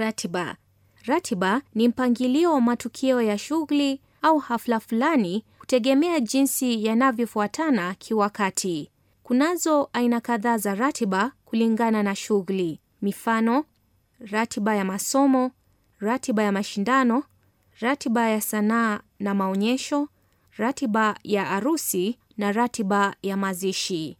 Ratiba. Ratiba ni mpangilio wa matukio ya shughuli au hafla fulani kutegemea jinsi yanavyofuatana kiwakati. Kunazo aina kadhaa za ratiba kulingana na shughuli. Mifano: ratiba ya masomo, ratiba ya mashindano, ratiba ya sanaa na maonyesho, ratiba ya arusi na ratiba ya mazishi.